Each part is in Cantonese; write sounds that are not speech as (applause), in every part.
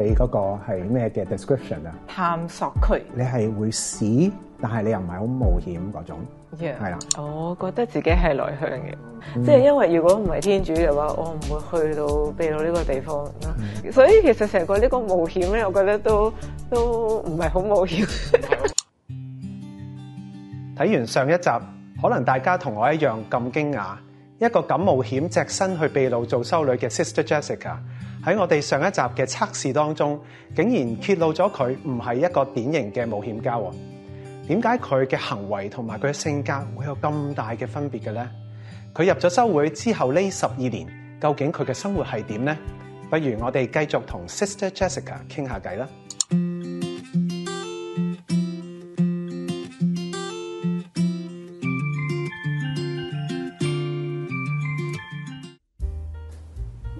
你嗰個係咩嘅 description 啊？探索區。你係會試，但係你又唔係好冒險嗰種。係、yeah. 啦，我覺得自己係內向嘅，即、嗯、係、即係、因為如果唔係天主嘅話，我唔會去到秘魯呢個地方、嗯、所以其實成個呢個冒險咧，我覺得都都唔係好冒險。睇 (laughs) 完上一集。可能大家同我一樣咁驚訝，一個敢冒險、隻身去秘魯做修女嘅 Sister Jessica，喺我哋上一集嘅測試當中，竟然揭露咗佢唔係一個典型嘅冒險家。點解佢嘅行為同埋佢嘅性格會有咁大嘅分別嘅呢？佢入咗修會之後呢十二年，究竟佢嘅生活係點呢？不如我哋繼續同 Sister Jessica 傾下偈啦。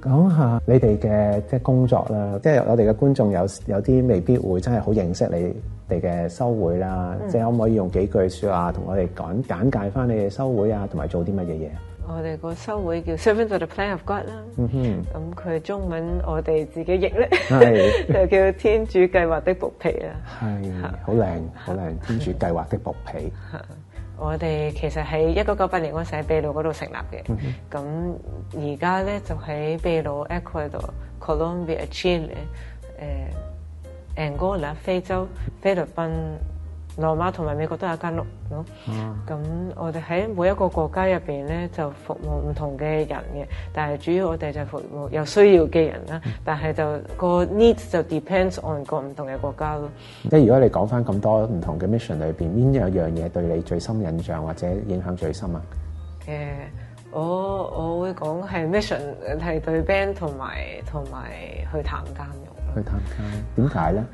講下你哋嘅即係工作啦，即係我哋嘅觀眾有，有啲未必會真係好認識你哋嘅收會啦、嗯，即係可唔可以用幾句說話同我哋講簡介翻你哋收會啊，同埋做啲乜嘢嘢？我哋個收會叫 Servant of the Plan of God 啦、嗯，咁佢中文我哋自己譯咧， (laughs) 就叫天主計劃的薄皮啦，係好靚好靚，天主計劃的薄皮。 (laughs) (laughs) (laughs) 我哋其實喺一九九八年嗰陣喺秘魯嗰度成立嘅，咁而家咧就喺秘魯、e c u a d o r Colombia、Chile、呃、Angola、非洲、菲律賓。羅馬同埋美國都有一間屋咯。咁、啊、我哋喺每一個國家入邊咧，就服務唔同嘅人嘅。但係主要我哋就服務有需要嘅人啦。嗯、但係就、個 needs 就 depends on 個唔同嘅國家咯。即係如果你講翻咁多唔同嘅 mission 裏邊，邊一樣嘢對你最深印象或者影響最深啊？誒、呃，我我會講係 mission 係對 band 同埋同埋去探監用。去探監點解咧？為什麼呢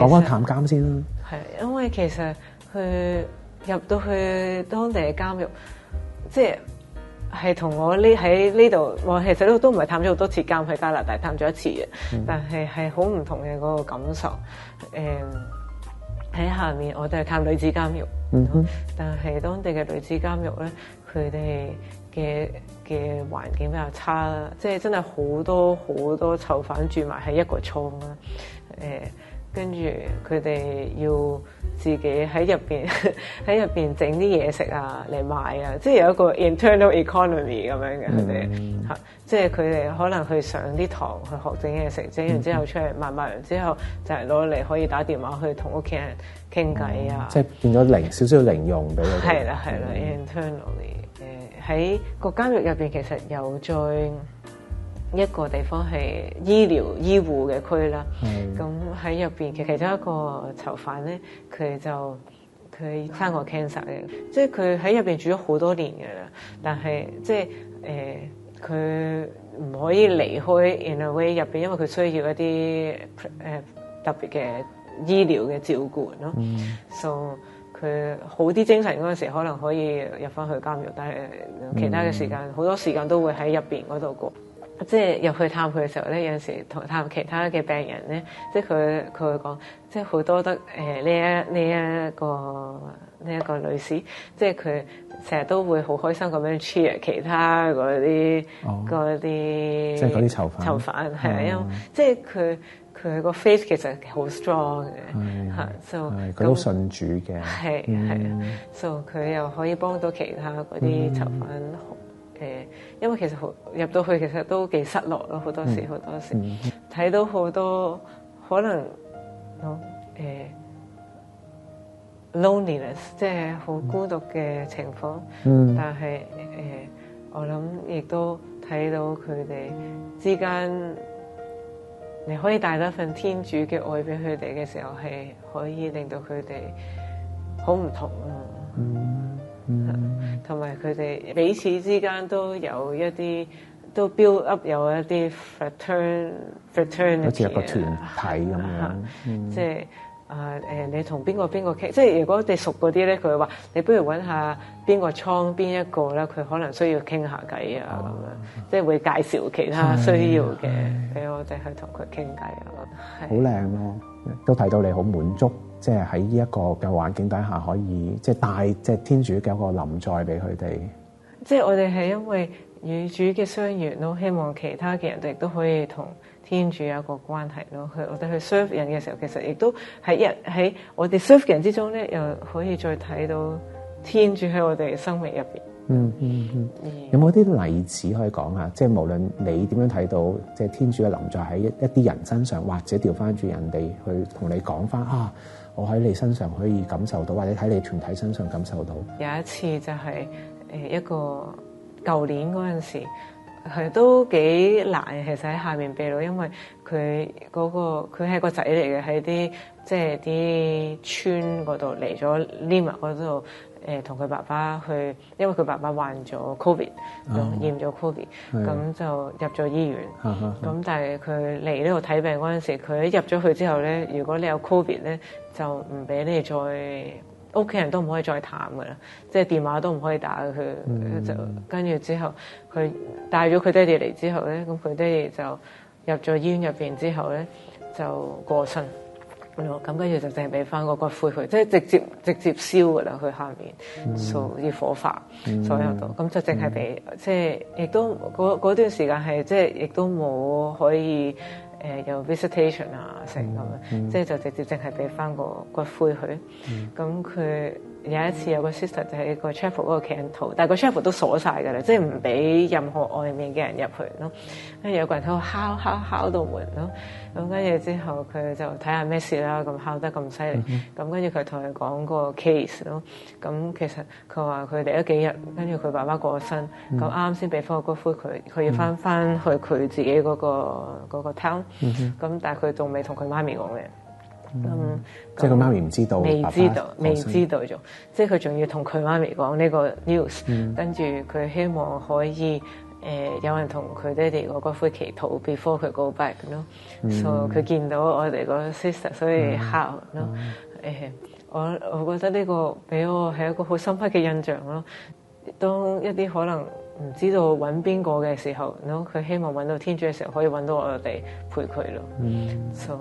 講返探監先啦。係，因為其實去入到去當地嘅監獄，即係同我呢喺呢度，我其實都都唔係探咗好多次監，去加拿大探咗一次嘅，但係係好唔同嘅嗰個感受。喺、嗯、下面，我哋係探女子監獄，嗯、但係當地嘅女子監獄咧，佢哋嘅嘅環境比較差，即、就、係、是、真係好多好多囚犯住埋喺一個倉啦，嗯跟住佢哋要自己喺入面喺入邊整啲嘢食啊，嚟賣啊，即係有一個 internal economy 咁樣嘅，佢哋吓，即係佢哋可能去上啲堂去學整嘢食，整完之後出嚟賣，賣完之後就係攞嚟可以打電話去同屋企人傾偈啊，嗯、即係變咗零少少零用俾佢。係啦係啦，internally 誒喺個監獄入面，其實有追。一個地方係醫療醫護嘅區啦，咁喺入邊嘅其中一個囚犯咧，佢就佢生過 cancer 嘅、mm -hmm.，即係佢喺入邊住咗好多年嘅啦。但係即係誒，佢唔可以離開 in a way 入邊，因為佢需要一啲誒、呃、特別嘅醫療嘅照顧咯。So 佢好啲精神嗰陣時，可能可以入翻去監獄，但係、呃、其他嘅時間，好、mm -hmm. 多時間都會喺入邊嗰度過。即係入去探佢嘅時候咧，有陣時同探其他嘅病人咧，即係佢佢會講，即係好多得誒呢一呢一,一個呢一,一個女士，即係佢成日都會好開心咁樣 cheer 其他嗰啲啲，即係嗰啲囚犯囚犯係啊，因為、嗯、因為即係佢佢個 face 其實好 strong 嘅，就佢都信主嘅，係係，就佢、嗯、又可以幫到其他嗰啲囚犯。嗯好。誒，因為其實入到去其實都幾失落咯，好多時好、嗯、多時，睇、嗯、到好多可能，誒、呃、loneliness 即係好孤獨嘅情況、嗯。但係誒、呃，我諗亦都睇到佢哋之間，你可以帶多一份天主嘅愛俾佢哋嘅時候，係可以令到佢哋好唔同啊！嗯嗯嗯同埋佢哋彼此之間都有一啲，都 build up 有一啲 fraternity，好似一個團體咁啊！即係啊誒，你同邊個邊個傾？即係如果你熟嗰啲咧，佢話你不如揾下邊個倉邊一個咧，佢可能需要傾下偈啊咁樣，即係會介紹其他需要嘅俾我哋去同佢傾偈啊！好靚咯，都睇到你好滿足。即係喺呢一個嘅環境底下，可以即係帶即係天主嘅一個臨在俾佢哋。即係我哋係因為與主嘅相遇咯，希望其他嘅人哋都可以同天主有一個關係咯。我們去我哋去 serve 人嘅時候，其實亦都喺一喺我哋 serve 嘅人之中咧，又可以再睇到天主喺我哋生命入邊。嗯嗯嗯。嗯嗯有冇啲例子可以講下？即係無論你點樣睇到，即係天主嘅臨在喺一啲人身上，或者調翻轉人哋去同你講翻啊？我喺你身上可以感受到，或者喺你團體身上感受到。有一次就係一個舊年嗰陣時，佢都幾難，其實喺下面秘魯，因為佢嗰、嗰個佢係個仔嚟嘅，喺啲即係啲村嗰度嚟咗，Lima 嗰度。誒同佢爸爸去，因為佢爸爸患咗 covid，驗、啊、咗 covid，咁就入咗醫院。咁但係佢嚟呢度睇病嗰陣時，佢一入咗去之後咧，如果你有 covid 咧，就唔俾你再屋企人都唔可以再探㗎啦，即、就、係、是、電話都唔可以打佢、嗯。就跟住之後，佢帶咗佢爹哋嚟之後咧，咁佢爹哋就入咗醫院入面之後咧，就過身。咁跟住就淨係俾翻個骨灰佢，即係直接直接燒噶啦，佢下面掃啲火化所有度，咁就淨係俾，即係亦都嗰段時間係即係亦都冇可以誒有 visitation 啊成咁樣，即係就直接淨係俾翻個骨灰佢。咁、嗯、佢。嗯 (noise) 有一次有一個 sister 就喺個 c h a v e l 嗰個 can 套，但係個 c h a v e l 都鎖晒㗎啦，即係唔俾任何外面嘅人入去咯。跟住有個人喺度敲敲敲到門咯，咁跟住之後佢就睇下咩事啦，咁敲得咁犀利，咁跟住佢同佢講個 case 咯。咁其實佢話佢哋一幾日，跟住佢爸爸過身，咁啱先俾翻個骨灰佢，佢要翻翻去佢自己嗰、嗰個嗰個 town。咁 (noise) 但係佢仲未同佢媽咪講嘅。嗯嗯、即係佢媽咪唔知道，未知道，未知道咗。即係佢仲要同佢媽咪講呢個 news，、嗯、跟住佢希望可以誒、呃、有人同佢爹哋嗰個骨灰祈禱 before 佢 go back 咯。所以佢見到我哋個 sister，所以吓。咯。誒，我我覺得呢個俾我係一個好深刻嘅印象咯。當一啲可能唔知道揾邊個嘅時候，咯、no? 佢希望揾到天主嘅時候可以揾到我哋陪佢咯。嗯，就、so,。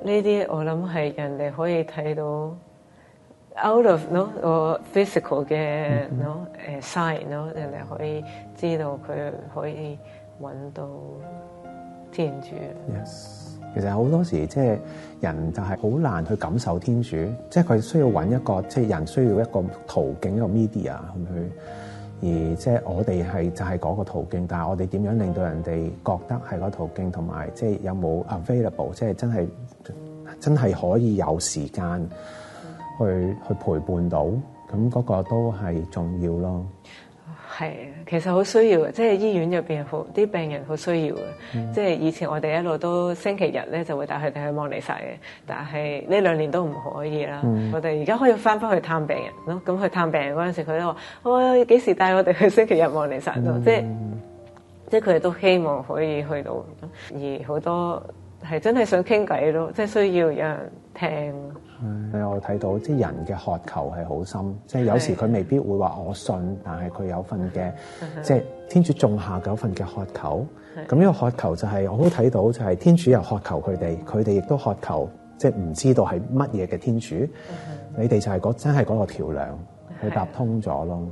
呢啲我諗係人哋可以睇到 out of no physical 嘅 no sign 咯，人哋可以知道佢可以揾到天主。Yes，其實好多時即係人就係好難去感受天主，即係佢需要揾一個即係、就是、人需要一個途徑一個 media 去。而即係我哋係就係嗰個途徑，但係我哋點樣令到人哋覺得係嗰個途徑，同埋即係有冇 available 即係真係真係可以有時間去去陪伴到，咁嗰個都係重要咯。係啊，其實好需要嘅，即係醫院入邊好啲病人好需要嘅，嗯。即係以前我哋一路都星期日咧就會帶佢哋去望嚟晒嘅，但係呢兩年都唔可以啦，嗯。我哋而家可以翻返去探病人咯。咁去探病人嗰陣時，佢都話：哦、帶我幾時帶我哋去星期日望嚟晒？嗯咯？即係即係佢哋都希望可以去到，而好多。係真係想傾偈咯，即係需要有人聽。係，我睇到即係人嘅渴求係好深，即係有時佢未必會話我信，是但係佢有份嘅，即係天主種下嗰份嘅渴求。咁呢個渴求就係我好睇到，就係天主又渴求佢哋，佢哋亦都渴求，即係唔知道係乜嘢嘅天主。你哋就係真係嗰個橋梁，係搭通咗咯。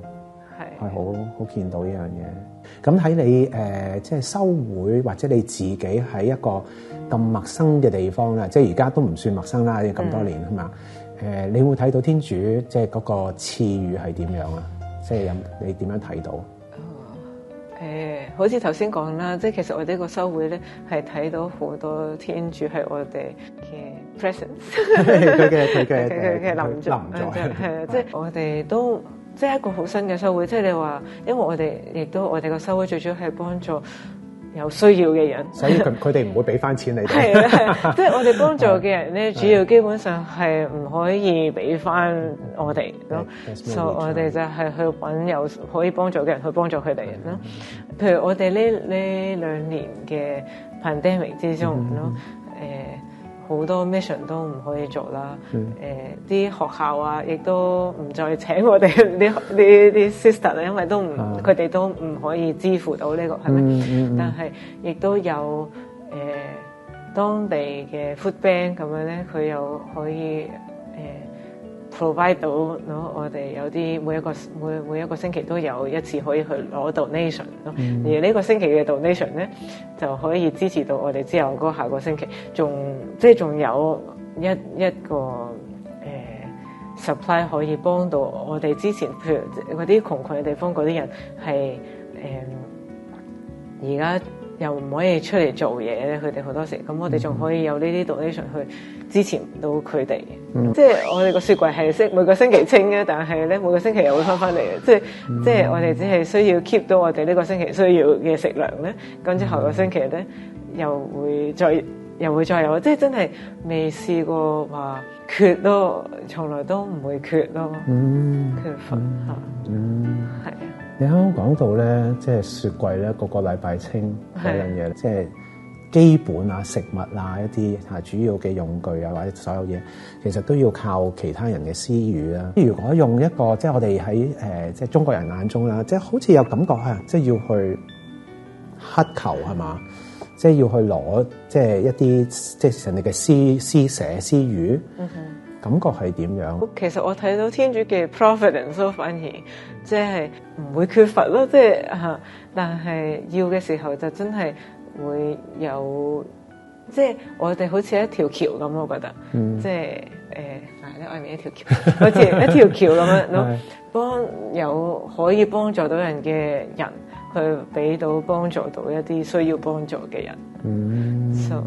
係好好見到依樣嘢，咁喺你誒、呃，即係收會或者你自己喺一個咁陌生嘅地方啦，即係而家都唔算陌生啦，咁多年係嘛？誒、嗯呃，你會睇到天主即係嗰個賜予係點樣啊？即係咁，你點樣睇到？誒、呃，好似頭先講啦，即係其實我哋呢個收會咧，係睇到好多天主喺我哋嘅 presence，佢嘅佢嘅佢嘅臨在，啊， (laughs) (laughs) 即係、呃 (laughs) 就是、 (laughs) 我哋都。即、就、係、是、一個好新嘅社會，即、就、係、是、你話，因為我哋亦都我哋個社會最主要係幫助有需要嘅人，所以佢佢哋唔會俾翻錢給你。係， (laughs) 即係、就是、我哋幫助嘅人咧， (laughs) 主要基本上係唔可以俾翻我哋咯， (laughs) 所以我哋就係去揾有可以幫助嘅人去幫助佢哋咯。 (laughs) 譬如我哋呢呢兩年嘅 pandemic 之中咯，誒、 (laughs) 呃。好多 mission 都唔可以做啦，誒、mm. 啲、呃、學校啊，亦都唔再請我哋啲啲啲 sister 啊， (laughs) 因為都唔佢哋都唔可以支付到呢、呢個係咪、mm -hmm.？但係亦都有誒、呃、當地嘅 food bank 咁樣咧，佢又可以。provide 到、uh、我哋有啲每一個每每一個星期都有一次可以去攞 donation 咯，uh, mm-hmm. 而呢個星期嘅 donation 咧就可以支持到我哋之後嗰下個星期仲，即係仲有一一個誒、uh, supply 可以幫到我哋之前，譬如嗰啲窮困嘅地方嗰啲人係誒而家。Uh, 又唔可以出嚟做嘢咧，佢哋好多時咁，我哋仲可以有呢啲 donation 去支持到佢哋。即係我哋個雪櫃係識每個星期清嘅，但係咧每個星期又會翻翻嚟。即係、嗯、即係我哋只係需要 keep 到我哋呢個星期需要嘅食糧咧，咁之後個星期咧又會再又會再有。即係真係未試過話缺咯，從來都唔會缺咯。嗯，缺乏嚇、啊，嗯，啊。你啱啱講到咧，即係雪櫃咧，個個禮拜清係樣嘢，即係基本啊食物啊一啲嚇，主要嘅用具啊或者所有嘢，其實都要靠其他人嘅私語啦、啊。如果用一個即係我哋喺誒即係中國人眼中啦，即係好似有感覺啊，即係要去乞求係嘛，即係要去攞即係一啲即係人哋嘅私私寫私語。Mm -hmm. 感覺係點樣？其實我睇到天主嘅 providence 反而即係唔會缺乏咯，即係嚇，但係要嘅時候就真係會有，即係我哋好似一條橋咁咯，我覺得，即係誒喺外面一條橋， (laughs) 好似一條橋咁樣咯，幫 (laughs) 有可以幫助到人嘅人，去俾到幫助到一啲需要幫助嘅人，嗯，So。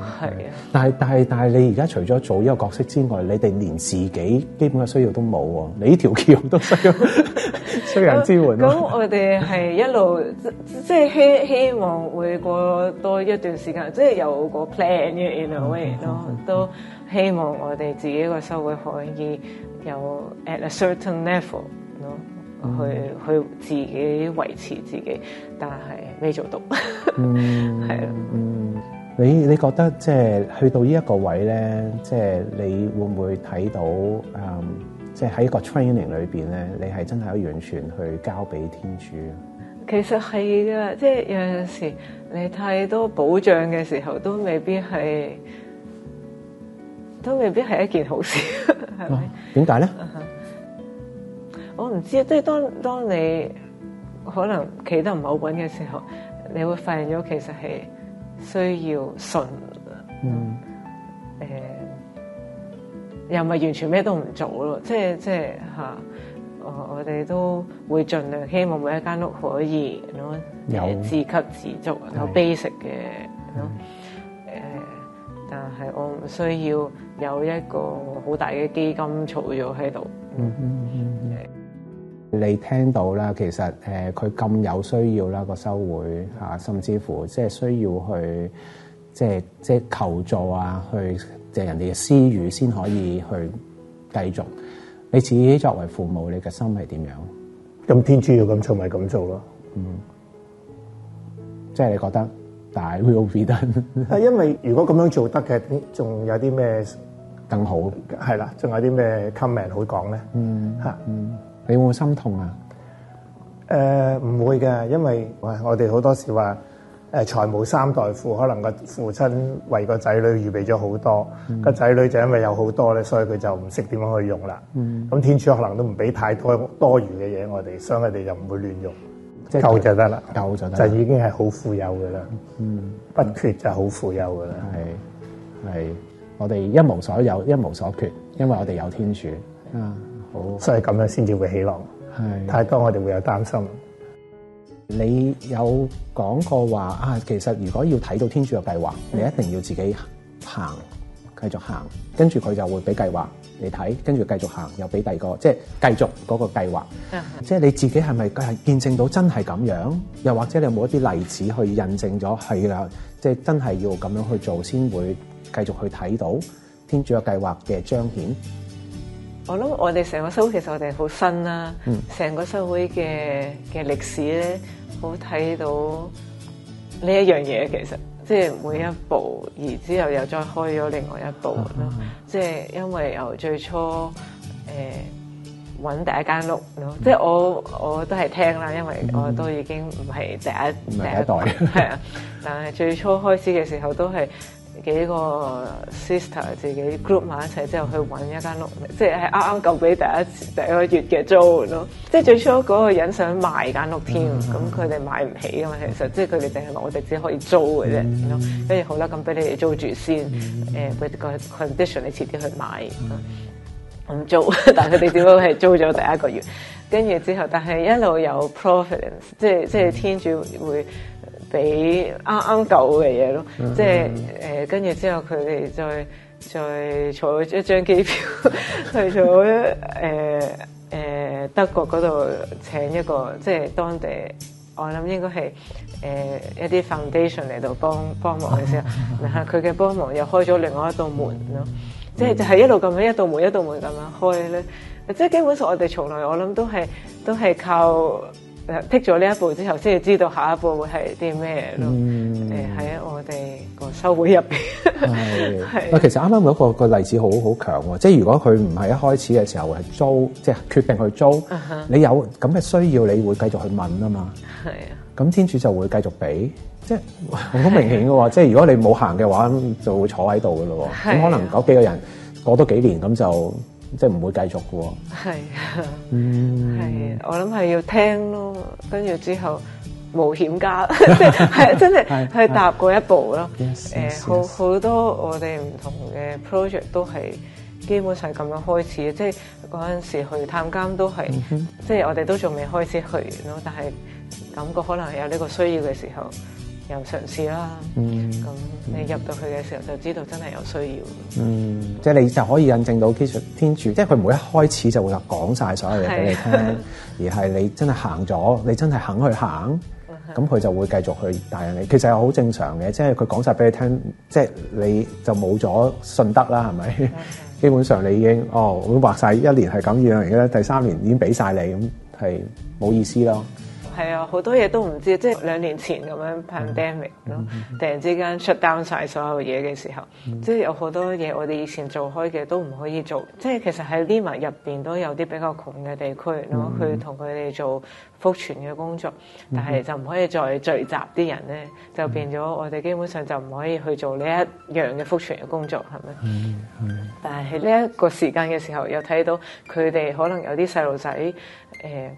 係啊，但係但係但係，你而家除咗做一個角色之外，你哋連自己基本嘅需要都冇喎。你條橋都需要， (laughs) (laughs) 需要人支援咯。咁我哋係一路 (laughs) 即係希希望會過多一段時間，即係有個 plan 嘅，in a way 咯。都希望我哋自己個社會可以有 at a certain level 咯 you know，嗯，去去自己維持自己，但係未做到，係 (laughs) 咯，嗯。你你覺得即係去到呢一個位咧，即係你會唔會睇到，嗯，即係喺個 training 裏邊咧，你係真係可以完全去交俾天主？其實係噶，即係有陣時你太多保障嘅時候，都未必係，都未必係一件好事，係咪？點解咧？我唔知，即係當當你可能企得唔好穩嘅時候，你會發現咗其實係。需要存，誒、嗯呃，又咪完全咩都唔做咯，即係即係吓、啊，我我哋都會盡量希望每一間屋可以、呃、有自給自足、有 basic 嘅，誒、呃呃，但係我唔需要有一個好大嘅基金儲咗喺度。呃嗯嗯嗯。你聽到啦，其實誒佢咁有需要啦，這個修會嚇、啊，甚至乎即係需要去，即係即係求助啊，去借、就是、人哋嘅私語先可以去繼續。你自己作為父母，你嘅心係點樣？咁天主要咁做，咪咁做咯。嗯，即係你覺得但係 will be done。 (laughs) 因為如果咁樣做得嘅，仲有啲咩更好？係啦，仲有啲咩 comment 好講咧？嗯，嚇，嗯。你會唔會心痛啊？誒、呃，唔會嘅，因為喂，我哋好多時話誒、呃，財務三代富，可能個父親為個仔女預備咗好多，嗯，個仔女就因為有好多咧，所以佢就唔識點樣去用啦。咁，嗯、天主可能都唔俾太多多餘嘅嘢我哋，所以我哋就唔會亂用，即係夠就得啦，夠就得，就已經係好富有噶啦，嗯，不缺就好富有噶啦，係，嗯、係，我哋一無所有，一無所缺，因為我哋有天主啊。嗯好，所以咁樣先至會起落，太多我哋會有擔心。你有講過話啊，其實如果要睇到天主嘅計劃，你一定要自己行，繼續行，跟住佢就會俾計劃你睇，跟住繼續行，又俾第二個，即係繼續嗰個計劃。即 (laughs) 係你自己係咪係見證到真係咁樣？又或者你有冇一啲例子去印證咗係啦？即係、就是、真係要咁樣去做，先會繼續去睇到天主嘅計劃嘅彰顯。我諗我哋成個社會其實我哋好新啦，成、嗯、個社會嘅嘅歷史咧，好睇到呢一樣嘢其實，即係每一步，而之後又再開咗另外一步咯，即係因為由最初誒揾、欸、第一間屋咯、嗯，即係我我都係聽啦，因為我都已經唔係第一、嗯、第一代，係啊，係 (laughs) 但係最初開始嘅時候都係。幾個 sister 自己 group 埋一齊之後去揾一間屋，即係啱啱夠俾第一第一個月嘅租咯。即係最初嗰個人想賣間屋添，咁佢哋買唔起嘅嘛。其實即係佢哋淨係我哋只可以租嘅啫。跟、mm、住 -hmm. 好啦，咁俾你哋租住先。t、mm、h -hmm. 呃、個 condition 你遲啲去買。唔、mm -hmm. 嗯、租，但佢哋點解係租咗第一個月？跟住之後，但係一路有 p r o v i d e n c e 即係即係天主會。俾啱啱夠嘅嘢咯，即係跟住之後佢哋再再坐一張機票 (laughs) 去咗誒誒德國嗰度請一個即係、就是、當地，我諗應該係誒、呃、一啲 foundation 嚟到幫幫忙嘅時候，然後佢嘅幫忙又開咗另外一道門咯，即係就係、是、一路咁樣一道門一道門咁樣開咧，即、就、係、是、基本上我哋從來我諗都係都係靠。剔咗呢一步之後，先至知道下一步會係啲咩咯。誒、嗯，喺、呃、我哋個收會入邊。嗱， (laughs) 其實啱啱有一個例子，好好強喎、哦。即係如果佢唔係一開始嘅時候係租，即、就、係、是、決定去租，嗯、你有咁嘅需要，你會繼續去問啊嘛。係啊。咁天主就會繼續俾，即係好明顯嘅喎、啊。即係如果你冇行嘅話，就會坐喺度嘅咯。咁、啊、可能嗰幾個人過多幾年咁就。即係唔會繼續嘅、哦啊，係、嗯，係、啊，我諗係要聽咯，跟住之後冒險家，即 (laughs) 係 (laughs) 真係去踏過一步咯。誒、 (laughs) yes, yes, yes. 呃，好好多我哋唔同嘅 project 都係基本上係咁樣開始嘅，即係嗰陣時去探監都係，mm -hmm. 即係我哋都仲未開始去完咯，但係感覺可能係有呢個需要嘅時候。又嘗試啦，嗯，咁你入到去嘅時候就知道真係有需要。嗯，即係你就可以印證到天主，天主即係佢唔會一開始就會話講曬所有嘢俾你聽，而係你真係行咗，你真係肯去行，咁佢就會繼續去帶引你。其實係好正常嘅，即係佢講晒俾你聽，即係你就冇咗信德啦，係咪？基本上你已經哦，會話晒一年係咁樣，而家第三年已經俾晒你，咁係冇意思咯。嗯。係啊，好多嘢都唔知，即係兩年前咁樣 pandemic 咯，突然之間出 down 曬所有嘢嘅時候，即、嗯、係、就是、有好多嘢我哋以前做開嘅都唔可以做，即、就、係、是、其實喺利馬入邊都有啲比較窮嘅地區，咁、嗯、去同佢哋做福傳嘅工作，嗯、但係就唔可以再聚集啲人咧、嗯，就變咗我哋基本上就唔可以去做呢一樣嘅福傳嘅工作，係咪、嗯嗯？但係喺呢一個時間嘅時候，又睇到佢哋可能有啲細路仔，誒、呃。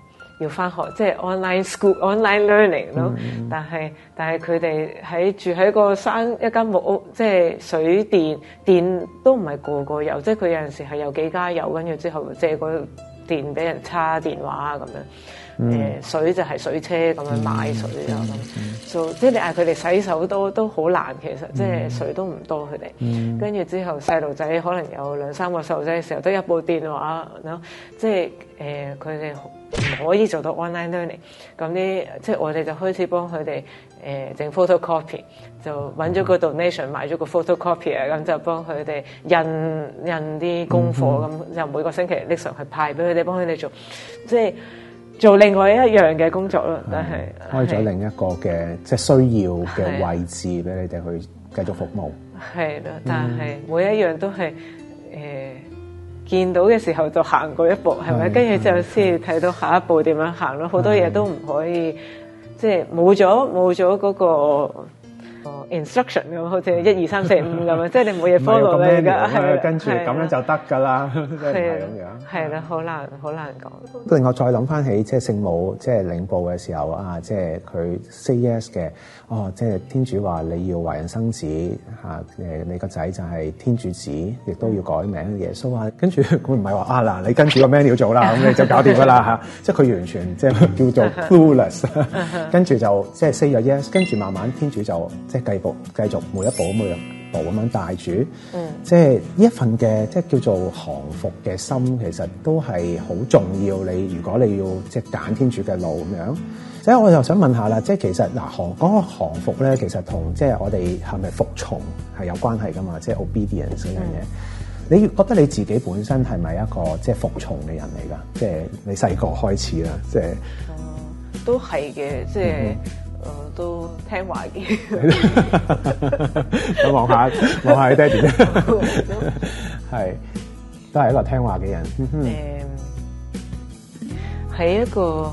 要翻學，即係 online school、online learning 咯、嗯。但係但係佢哋喺住喺個山一間木屋，即係水電電都唔係個個有，即係佢有陣時係有幾家有，跟住之後借個電俾人叉電話啊咁樣。誒、mm -hmm. 水就係水車咁樣買水啊咁，就、mm -hmm. mm -hmm. 即係你嗌佢哋洗手都都好難，其實、mm -hmm. 即係水都唔多佢哋。跟、mm、住 -hmm. 之後細路仔可能有兩三個細路仔嘅時候都一部電話，嗱即係誒佢哋可以做到 online learning。咁呢，即係我哋就開始幫佢哋誒整 photocopy，就揾咗個 donation、mm -hmm. 買咗個 photocopy 啊，咁就幫佢哋印印啲功課咁，mm -hmm. 就每個星期搦上去派俾佢哋，幫佢哋做即係。做另外一樣嘅工作咯，但係開咗另一個嘅即係需要嘅位置俾你哋去繼續服務。係咯，但係每一樣都係誒見到嘅時候就行過一步，係咪？跟住之後先睇到下一步點樣行咯。好多嘢都唔可以，即係冇咗冇咗嗰個。instruction 咁，好似一二三四五咁啊，即係你冇嘢 follow 咩噶，係啦，跟住咁咧就得噶啦，係咁樣。係啦，好難，好難講。另外再諗翻起，即係聖母即係領報嘅時候啊，即係佢 say yes 嘅，哦，即係天主話你要懷孕生子，吓，誒，你個仔就係天主子，亦都要改名耶穌啊。跟住佢唔係話啊嗱，你跟住個 menu 做啦，咁你就搞掂噶啦吓，即係佢完全即係叫做 clueless，跟住就即係 say yes，跟住慢慢天主就即係。繼續繼續每一步每一步咁樣帶住、嗯，即係呢一份嘅即係叫做降服嘅心，其實都係好重要。你如果你要即係揀天主嘅路咁樣，嗯、即係我又想問下啦，即係其實嗱，啊、降服嗰個降服咧，其實同即係我哋係咪服從係有關係噶嘛？即係 obedience 呢樣嘢。你覺得你自己本身係咪一個即係服從嘅人嚟噶？即係你細個開始啦，即係、嗯、都係嘅，即、就、係、是。嗯誒，都聽話嘅， (laughs) (laughs) 咁望下望下你爹哋係都係一、， (laughs) um，一個聽話嘅人。誒，係一個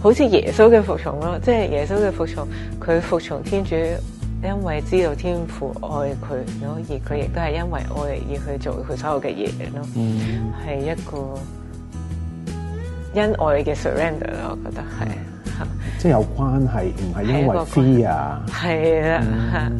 好似耶穌嘅服從咯，即係耶穌嘅服從，佢服從天主，因為知道天父愛佢咯，而佢亦都係因為愛而去做佢所有嘅嘢咯。嗯，係一個因愛嘅 surrender 咯，我覺得係。嗯即係有關係，不是是、那個、關係，唔係因為 fear 啊，係、嗯、啦，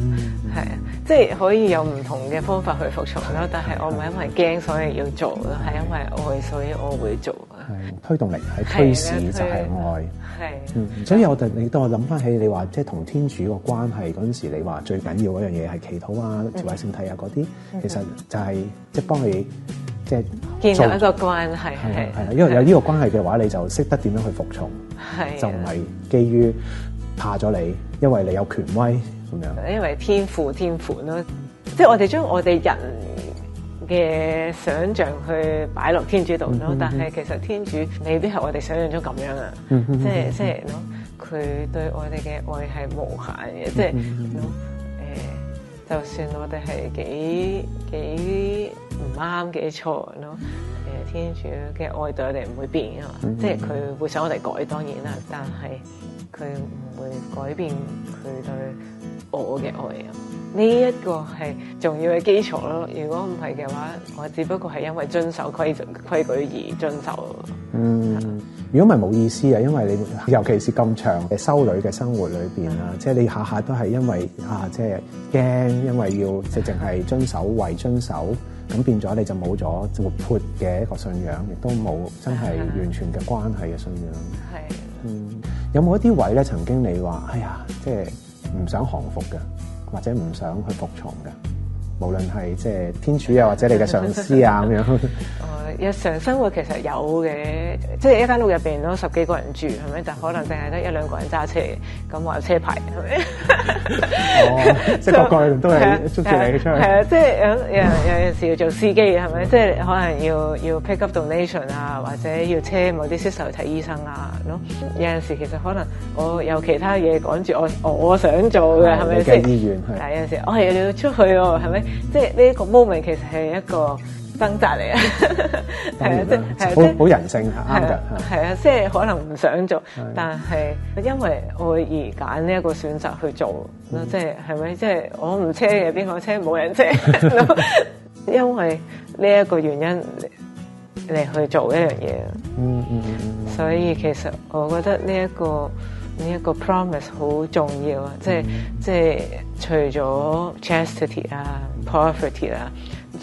係啊，即係可以有唔同嘅方法去服從咯。但係我唔係因為驚所以要做啦，係因為愛所以我會做啊。推動力喺推使就係愛，係、嗯，所以我哋你當我諗翻起你話即係同天主個關係嗰陣時，你話最緊要嗰樣嘢係祈禱啊、崇拜聖體啊嗰啲、嗯，其實就係即係幫你。嗯即、就、係、是、建立一個關係，係係啦，因為有呢個關係嘅話，你就識得點樣去服從，就唔係基於怕咗你，因為你有權威咁樣。因為天父天父咯，即係我哋將我哋人嘅想象去擺落天主度咯、嗯嗯，但係其實天主未必係我哋想象中咁樣啊、嗯嗯。即係即係咯，佢對我哋嘅愛係無限嘅，即係誒，就算我哋係幾幾。嗯唔啱嘅錯咯，誒、呃，天主嘅愛對我哋唔會變啊，mm -hmm. 即係佢會想我哋改，當然啦，但係佢唔會改變佢對我嘅愛啊。呢、這、一個係重要嘅基礎咯。如果唔係嘅話，我只不過係因為遵守規規矩，而遵守。嗯、mm -hmm.，如果唔係冇意思啊，因為你尤其是咁長嘅修女嘅生活裏邊啊，即、mm、係 -hmm. 你下下都係因為啊，即係驚，因為要直係淨係遵守為遵守。咁變咗你就冇咗活潑嘅一個信仰，亦都冇真係完全嘅關係嘅信仰。係，嗯，有冇一啲位咧？曾經你話，哎呀，即係唔想降服嘅，或者唔想去服從嘅，無論係即係天主又或者你嘅上司啊咁樣。誒， (laughs) (laughs) 日常生活其實有嘅，即係一間屋入邊都十幾個人住，係咪？但可能淨係得一兩個人揸車，咁話有車牌，係咪？ (laughs) (laughs) 哦，即係個個都係捉住你出去，係啊，即係有有有陣時要做司機嘅，係咪、嗯？即係可能要要 pick up donation 啊，或者要車某啲 Sister 去睇醫生啊，咯、嗯。有陣時其實可能我有其他嘢趕住，我我想做嘅，係咪先？去醫院係。有陣時我係、哦、要出去喎，係咪？即係呢個 moment 其實係一個。掙扎嚟啊，係啊，即係好好人性啊，啱係啊，即係、啊啊啊、可能唔想做，是啊、但係因為我而揀呢一個選擇去做咯，即係係咪？即係、就是、我唔車嘅邊、嗯、個車冇人車，嗯、 (laughs) (laughs) 因為呢一個原因嚟去做一樣嘢。嗯嗯，嗯，嗯所以其實我覺得呢、這、一個呢一、這個 promise 好重要、嗯嗯嗯、啊，即係即係除咗 chastity 啊 poverty 啊。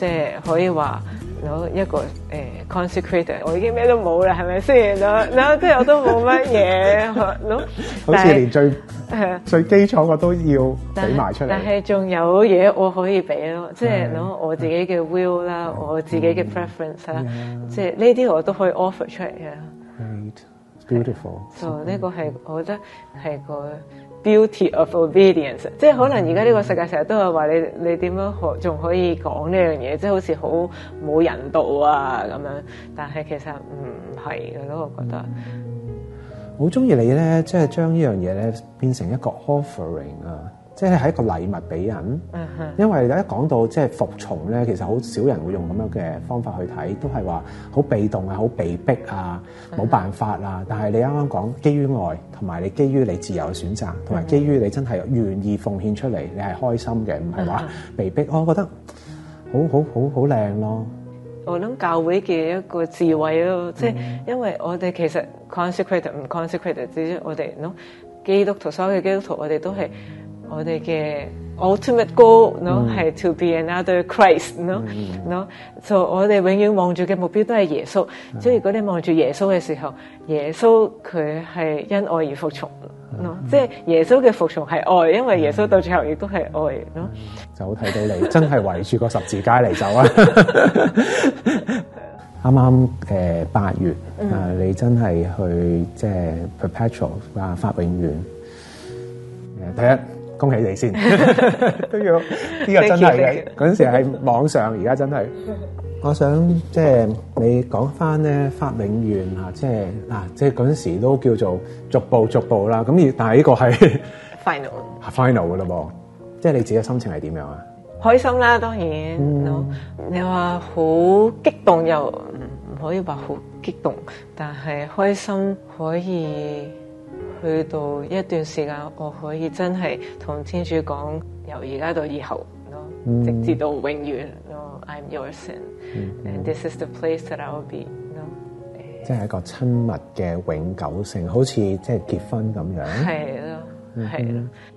即係可以話攞一個誒、欸、consecrated，我已經咩都冇啦，係咪先？嗱嗱，即係我都冇乜嘢。 (laughs) no, 好似連最、uh, 最基礎我都要俾埋出嚟。但係仲有嘢我可以俾咯，即係攞、yeah. 我自己嘅 will 啦，我自己嘅 preference 啦、yeah.，即係呢啲我都可以 offer 出嚟嘅。Great、right. It's beautiful。 (laughs) 就呢個係，我覺得係個。Beauty of obedience，即係可能而家呢個世界成日都係話你你，點樣可仲可以講呢樣嘢，即係好似好冇人道啊咁樣，但係其實唔係嘅咯，我覺得。好中意你咧，即係將呢樣嘢咧變成一個 offering 啊！即係係一個禮物俾人，因為一講到即係服從咧，其實好少人會用咁樣嘅方法去睇，都係話好被動啊、好被逼啊、冇辦法啦。但係你啱啱講基於愛，同埋你基於你自由嘅選擇，同埋基於你真係願意奉獻出嚟，你係開心嘅，唔係話被逼我覺得好好好好靚咯。我諗教會嘅一個智慧咯，即係因為我哋其實 consecrated 唔 consecrated，只要我哋基督徒，所有基督徒我哋都係。我哋嘅 ultimate goal，no，係 to be another Christ，no，no、嗯。嗯嗯、我哋永遠望住嘅目標都係耶穌、嗯。所以如果你望住耶穌嘅時候，耶穌佢係因愛而服從，即係耶穌嘅服從係愛，因為耶穌到最後亦都係愛。嗯嗯嗯、就好睇到你 (laughs) 真係圍住個十字架嚟走啊 (laughs) (laughs) (laughs) 剛剛！啱啱八月、uh, 嗯，你真係去即係 perpetual 啊、uh, 法永遠誒、uh, 嗯、第一。嗯恭喜你先，都要呢個真係嘅。嗰陣時係網上，而家真係。我想即係你講翻咧發領券啊，即係嗱，即係嗰陣時都叫做逐步逐步啦。咁而但係呢個係 final，final 嘅咯噃。即係你自己嘅心情係點樣啊？開心啦，當然。你話好激動又唔可以話好激動，但係開心可以。去到一段時間，我可以真係同天主講，由而家到以後咯、嗯，直至到永遠咯、嗯。I'm yours，and this is the place that I will be、嗯、即係一個親密嘅永久性，好似即係結婚咁樣。係咯，係咯。嗯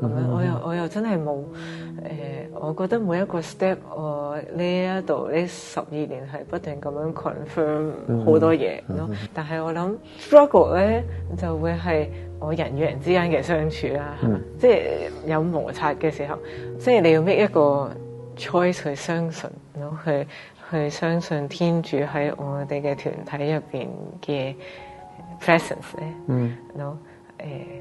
咁、mm -hmm. 我又我又真係冇誒，我覺得每一個 step 我呢一度呢十二年係不斷咁樣 confirm 好多嘢咯、mm -hmm. 但係我諗 struggle 咧就會係我人與人之間嘅相處啦，mm -hmm. 即係有摩擦嘅時候，即係你要 make 一個 choice 去相信去去相信天主喺我哋嘅團體入面嘅 presence 咧、mm -hmm.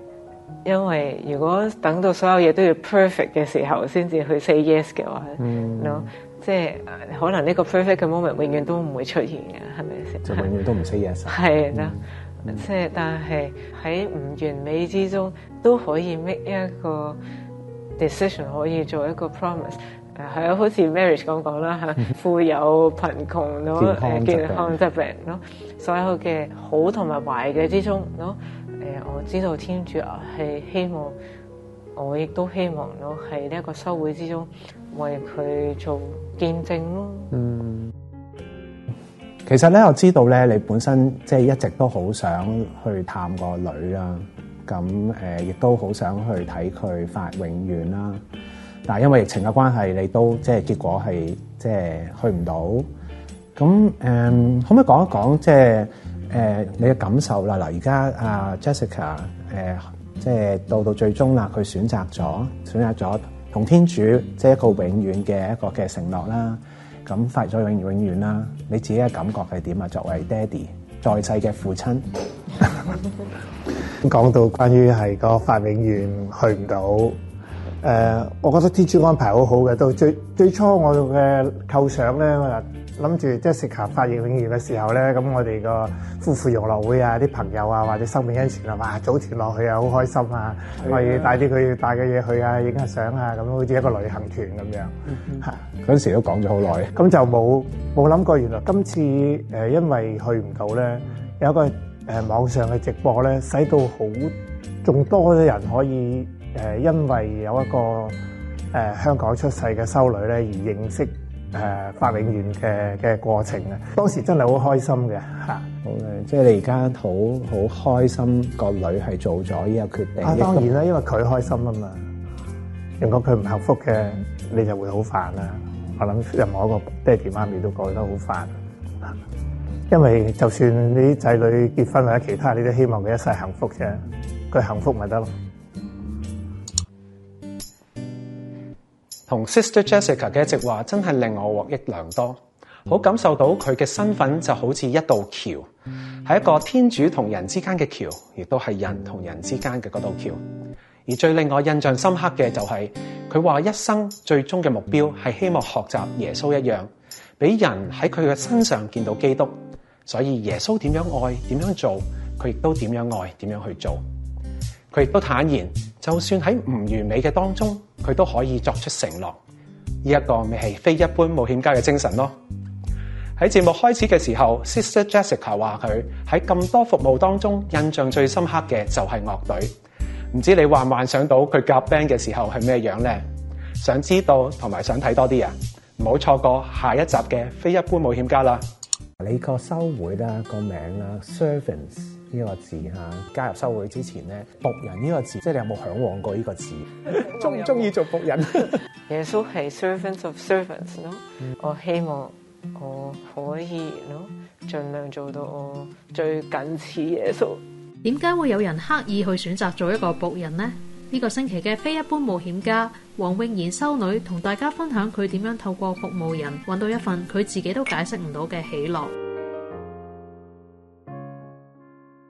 因為如果等到所有嘢都要 perfect 嘅時候先至去 say yes 嘅話、嗯、即係可能呢個 perfect 嘅 moment 永遠都唔會出現嘅，係咪先？就永遠都唔 say yes、啊。係啦，即、嗯、係但係喺唔完美之中都可以 make 一個 decision，可以做一個 promise。誒，係啊，好似 marriage 咁講啦吓，富有貧窮咯， (laughs) 健康疾病咯，所有嘅好同埋壞嘅之中咯。我知道天主啊，係希望，我亦都希望咯，喺呢一個修會之中為佢做見證咯。嗯，其實咧我知道咧，你本身即係一直都好想去探個女啦，咁誒亦都好想去睇佢發永遠啦。但係因為疫情嘅關係，你都即係結果係即係去唔到。咁誒、嗯，可唔可以講一講即係？誒、呃，你嘅感受啦，嗱、啊，而家阿 Jessica 誒、呃，即係到到最終啦，佢選擇咗選擇咗同天主即係一個永遠嘅一個嘅承諾啦，咁發咗永遠永遠啦。你自己嘅感覺係點啊？作為爹哋在世嘅父親，講 (laughs) (laughs) 到關於係個發永遠去唔到，誒、呃，我覺得天主安排好好嘅，到最最初我嘅構想咧。諗住即係發熱泳池嘅時候咧，咁我哋個夫婦遊樂會啊，啲朋友啊，或者收尾跟船啊，哇，組團落去啊，好開心啊！我要帶啲佢帶嘅嘢去啊，影下相啊，咁好似一個旅行團咁樣嚇。嗰陣時都講咗好耐。咁就冇冇諗過，原來今次誒因為去唔到咧，有一個誒網上嘅直播咧，使到好仲多嘅人可以誒，因為有一個誒香港出世嘅修女咧而認識。誒、呃，發永遠嘅嘅過程啊，當時真係好開心嘅。嚇、啊。好即係你而家好好開心，個女係做咗呢個決定。啊，當然啦，因為佢開心啊嘛。如果佢唔幸福嘅，你就會好煩啦、啊。我諗任何一個爹哋媽咪都過得好煩、啊啊。因為就算你啲仔女結婚或者其他，你都希望佢一世幸福啫。佢幸福咪得咯。同 Sister Jessica 嘅直話真係令我獲益良多，好感受到佢嘅身份就好似一道橋，係一個天主同人之間嘅橋，亦都係人同人之間嘅嗰道橋。而最令我印象深刻嘅就係佢話一生最終嘅目標係希望學習耶穌一樣，俾人喺佢嘅身上見到基督，所以耶穌點樣愛點樣做，佢亦都點樣愛點樣去做，佢亦都坦言。就算喺唔完美嘅當中，佢都可以作出承諾，呢一個咪係非一般冒險家嘅精神咯。喺節目開始嘅時候，Sister Jessica 話佢喺咁多服務當中，印象最深刻嘅就係樂隊。唔知你幻唔幻想到佢夾 band 嘅時候係咩樣咧？想知道同埋想睇多啲啊，唔好錯過下一集嘅非一般冒險家啦。你個收會啦，個名啦 Servants 呢、這個字吓，加入修會之前咧，僕人呢個字，即係你有冇嚮往過呢個字？中唔中意做僕人？耶穌係 Servants of Servants 咯、嗯，我希望我可以咯，盡量做到我最近似耶穌。點解會有人刻意去選擇做一個僕人呢？呢、這個星期嘅非一般冒險家黃穎賢修女同大家分享佢點樣透過服務人揾到一份佢自己都解釋唔到嘅喜樂。